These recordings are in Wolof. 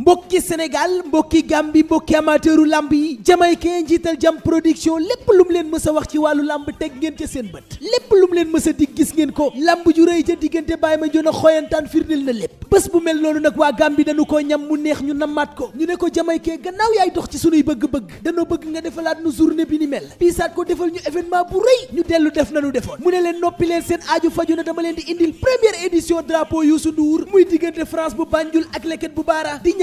mbokki Sénégal mbokki Gambie mbokki amateuru lamb yi jamaykee njiital jam production lépp lum leen mës a wax ci wàllu lamb teg ngeen ca seen bët lépp lum leen mës a dig gis ngeen ko lamb ju rëy ca diggante bàyyi ma joon a xooyantaan firndil lépp bés bu mel noonu nag waa Gambie dañu koo ñam mu neex ñu namaat ko ñu ne ko jamaykee gannaaw yaay dox ci sunuy bëgg-bëgg danoo bëgg nga defalaat nu journée bi ni mel piisaat ko defal ñu événement bu rëy ñu dellu def nanu defoon mu ne leen noppi leen seen aaju faju na dama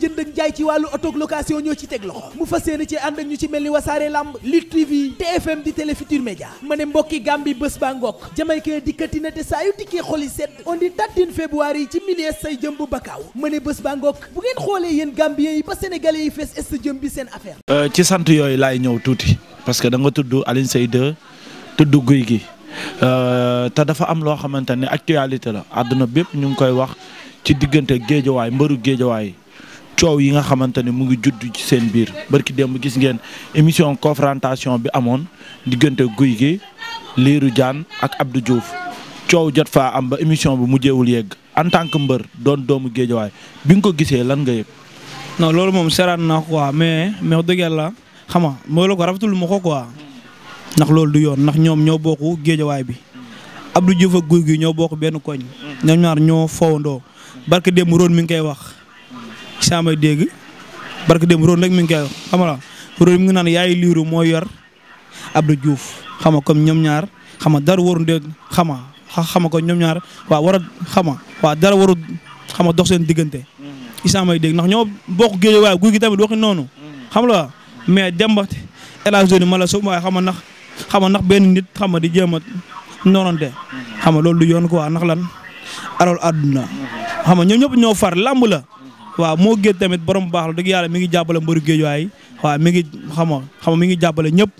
jënd ak jaay ci wàllu auto location ñoo ci teg loxo mu fas yéene ci ànd ak ñu ci mel ni wasaare lamb Lutte TV fm di Télé Futurs ma ne mbokki Gambie bés ba ngokk jamaykee dikkati na te saa yu dikkee xoli sedd on dit dattin février yi ci milies say jëm bu bakkaaw ma ne bës ba ngokk bu ngeen xoolee yéen Gambien yi ba Sénégalais yi fees est jëm bi seen affaire euh, ci sant yooyu laay ñëw tuuti parce que da nga tudd Alioune say 2 tudd guy gi euh, te dafa am loo xamante ne actualité la àdduna bépp ñu ngi koy wax ci diggante géejawaay mbëru géejawaay coow yi nga xamante ne mu ngi judd ci seen biir barki démb gis ngeen émission confrontation bi amoon diggante guy gi liiru jaan ak Abdou Diouf coow jot fa am ba émission bi mujjeewul yegg en tant que mbër doon doomu géejawaay bi nga ko gisee lan nga yëg. non loolu moom seraan naa ko mais mais dëgg yàlla xam nga mooy la ko quoi ndax loolu du yoon ndax ñoom ñoo bokku géejawaay bi Abdou Diouf ak guy gi ñoo bokk benn koñ. ñoom ñaar ñoo fowandoo barki démb roon mi ngi koy wax. saamay dégg barke dem róon rek mi ngi koy xam nga róon ngi naan yaay liiru moo yor Abdou Diouf xam nga comme ñoom ñaar xam nga dara waru dégg xam nga xam nga ko ñoom ñaar waaw war a xam dara waru xam nga dox seen diggante mm-hmm. isaamay dégg ndax ñoo bokk géej waaye guy gi tamit waxi noonu mm-hmm. xam la mais dem ba élhageni ma la su waaye xam nga ndax xam nga ndax benn nit xam nga di jéem a noonante mm-hmm. xam nga loolu du yoon quoi ndax lan alal àdduna xam nga ñoom far làmb la waaw moo géej tamit borom baax la dëgg yàlla mi ngi jàppale mbëru géej waay waaw mi ngi xama xama mi ngi jàppale ñëpp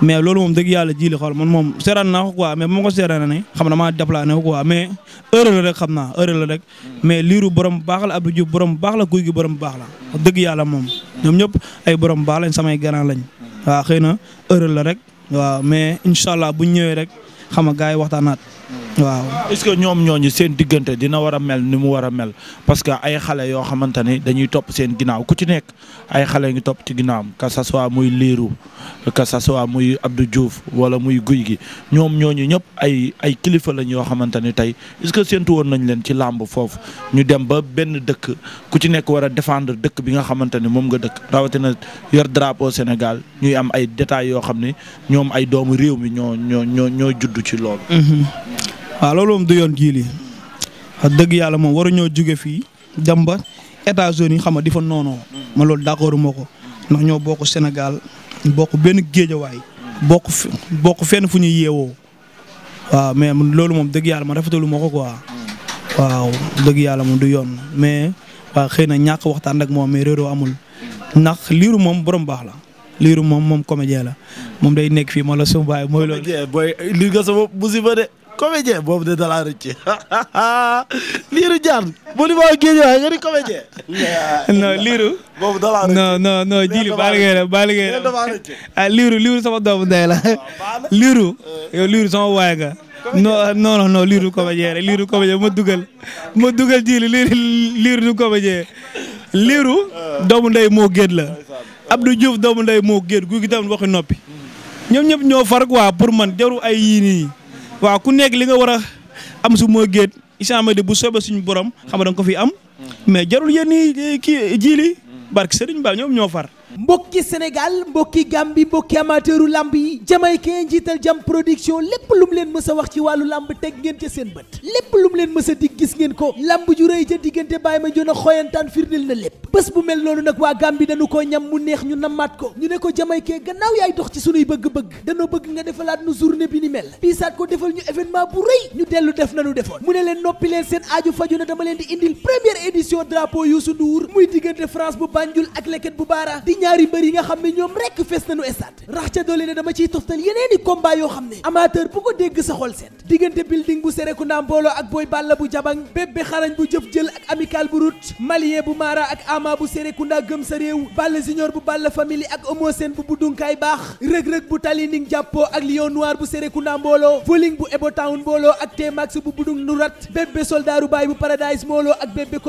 mais loolu moom dëgg yàlla jiili xool man moom seeraan naa ko quoi mais bu ma ko seeraan xam na maa déplané ko quoi mais heure la rek xam naa heure la rek mais liiru borom baax la Abdou Diouf borom baax la guy gi borom baax la dëgg yàlla moom ñoom ñëpp ay borom baax lañ samay grand lañ waaw xëy na heure la rek waaw mais incha allah bu ñëwee rek xama nga gars yi waxtaanaat waaw est-ce que ñoom ñooñu seen diggante dina war a mel ni mu war a mel parce que ay xale yoo xamante ni dañuy topp seen ginnaaw ku ci nekk ay xale ngi topp ci ginnaawam que ça muy Lirou que ça soit muy Abdou Diouf wala muy Guy gi ñoom ñooñu ñëpp ay ay kilifa lañ yoo xamante ni tey est-ce que séntu woon nañ leen ci làmb foofu ñu dem ba benn dëkk ku ci nekk war a défendre dëkk bi nga xamante ni moom nga dëkk rawatina yor drapeau Sénégal ñu am ay détails yoo xam ni ñoom ay doomu réew mi ñoo ñoo ñoo ñoo judd ci loolu. Mm-hmm. waaw loolu moom du yoon jii lii wax dëgg yàlla moom war a waruñoo jóge fii dem ba États-Unis xam nga di noonoo ma loolu d'accord moo ko ndax ñoo bokk Sénégal bokk benn géejawaay bokk bokk fenn fu ñuy yeewoo waaw mais loolu moom dëgg yàlla ma rafetalu ma ko quoi waaw dëgg yàlla moom du yoon mais waaw xëy na ñàkk waxtaan rek moom mais réeroo amul ndax liiru moom borom baax la liiru moom moom comédien moom day nekk fii ma la suma baay mooy loolu. booy liir nga sama musiba de. comédien boobu de dalaa rëcc liiru jaan bu li maa waaye nga di comédien. liiru. boobu dalaa rëcc ah, liiru liiru sama doomu ndey la ah, liiru eh. yow liiru sama waay nga. Ah, non liiru comédien liiru comédien ma dugal ma dugal jili liiru liiru du comédien liiru eh. doomu ndey moo géej la Abdou Diouf doomu ndey moo géej gu gi tam noppi ñoom ñëpp ñoo far quoi man jaru ay waaw ku nekk li nga war a am su moo géet Issa bu soobee suñu borom xama nga da nga ko fi am mm. mais jarul yéen ki kii jiili mm. barke Serigne Ba ñoom ñoo far mbokki Sénégal mbokki Gambie mbokki amateuru lamb yi jamaykee njiital jam production lépp lu mu leen mës a wax ci wàllu lamb teg ngeen ca seen bët lépp lu mu leen mës a gis ngeen ko lamb ju rëy ca diggante Baye Mandione xoyantaan firndeel na lépp bés bu mel noonu nag waa Gambie dañu ko ñam mu neex ñu namaat ko ñu ne ko jamaykee gannaaw yaay dox ci sunuy bëgg-bëgg danoo bëgg nga defalaat nu journée bi ni mel piisaat ko defal ñu événement bu rëy ñu dellu def nanu mu ne leen noppi seen aaju faju na dama di indil première édition drapeau Youssou Ndour muy diggante France bu Banjul ak leket bu ñaari mbër yi nga xam ne ñoom rekk fees nañu te doole ne dama ciy toftal yeneen i combat yoo xam ne amateur bu ko dégg sa xol seet diggante building bu Serekunda mbooloo ak Boy Balla bu jabang bébbe xarañ bu jëf jël ak amical bu rut malien bu maara ak ama bu Serekunda gëm sa réew Balla junior bu Balla family ak Homo Sène bu buddunkaay baax rëg-rëg bu talining jàppoo ak lion noir bu Serekunda mbooloo voling bu Ebo mbooloo ak T-Max bu budung nurat bébbe soldaaru baay bu paradise mbooloo ak bébbe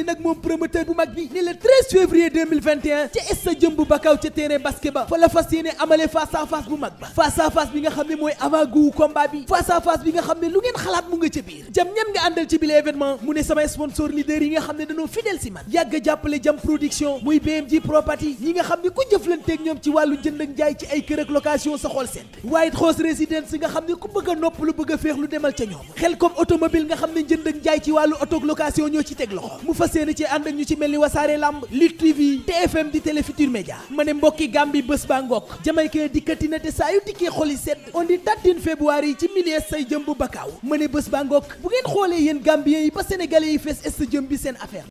fàttali nag moom promoteur bu mag bi ni le 13 février 2021 ca stade Jëmbu Bakaaw ca terrain basket fa la fas yéene amalee face à bu mag ba face à bi nga xam ne mooy avant goût combat bi face à bi nga xam ne lu ngeen xalaat mu nga ca biir jam ñan nga àndal ci bile événement mu ne samay sponsor leaders yi nga xam ne dañoo fidèle si man yàgg a jàppale jam production muy BMG Property yi nga xam ne ku jëflanteeg ñoom ci wàllu jënd ak ci ay kër ak location a nopp lu bëgg a féex lu demal ca ñoom xel comme automobile nga xam fas ci ànd ñu ci mel ni wasaare lamb Lutte TV fm di Télé Futurs ma ne mbokki Gambie bës ba ngokk jamaykee dikkati na te saa yu dikkee xoli sedd on di tattin février yi ci miliers say jëm bu bakkaaw ma ne bés ba ngokk bu ngeen xoolee yéen Gambien yi ba Sénégalais yi fees est jëm bi seen affaire